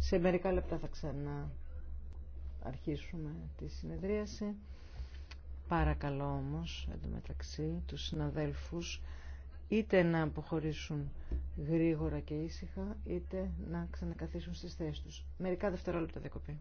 Σε μερικά λεπτά θα ξαναρχίσουμε τη συνεδρίαση. Παρακαλώ όμως εντωμεταξύ τους συναδέλφους είτε να αποχωρήσουν γρήγορα και ήσυχα είτε να ξανακαθίσουν στις θέσεις τους. Μερικά δευτερόλεπτα διακοπή.